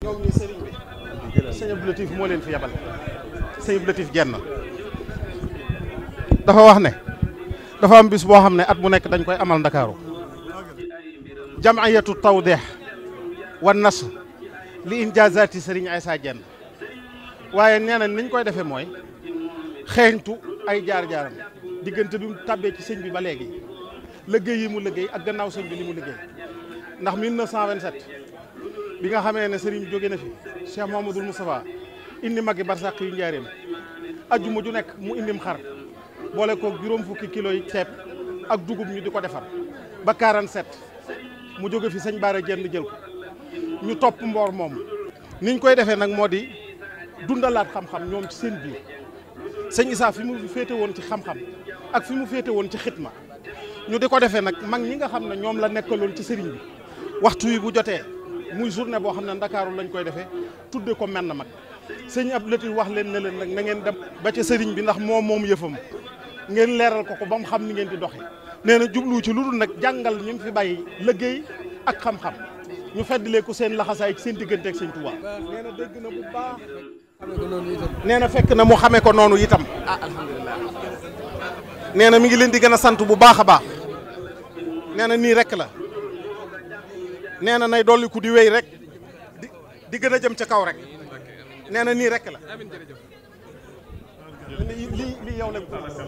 ñoom ñu sëriñ bi moo leen fi yabal sëñ Abdou Latif dafa wax ne dafa am bis boo xam ne at bu nekk dañ koy amal ndakaaru jam'iyatu tawdeex wa nas li injaazaati sëriñ Aysa jenn waaye nee na niñ koy defee mooy xeeñtu ay jaar-jaaram diggante bi mu tàbbee ci sëñ bi ba léegi liggéey yi mu liggéey ak gannaaw sëñ bi li mu liggéey ndax 1927 bi nga xamee ne sëriñ bi jóge na fi Cheikh Mouhamadoul Moustapha indi magi barsàq yu njaareem ajjuma ju nekk mu indim xar boole ko juróom fukki kilo yi ceeb ak dugub ñu di ko defar ba 47 mu jóge fi sëñ Baara jenn jël ko ñu topp mboor moom niñ koy defee nag moo di dundalaat xam-xam ñoom ci seen biir sëñ Issa fi mu féete woon ci xam-xam ak fi mu féete woon ci xitma ñu di ko defee nag mag ñi nga xam ne ñoom la nekkaloon ci sëriñ bi waxtu wi bu jotee muy journée boo xam ne ndakaaru lañ koy defee tudde ko menn mag sëñ Abdou Latif wax leen ne leen nag na ngeen dem ba ca sëriñ bi ndax moo moom yëfam ngeen leeral ko ko ba mu xam ni ngeen di doxee nee na jublu ci lu dul nag jàngal ñu fi bay liggéey ak xam-xam ñu feddalee ko seen laxasaay seen diggante ak sëñ Tuubaa nee nee na fekk na mu xamee ko noonu itam ah alhamdulilah nee na mi ngi leen di gën a sant bu baax a baax nee na nii rek la nee na nay dolli di wéy rek di di gën a jëm ca kaw rek nee na nii rek la li li yow la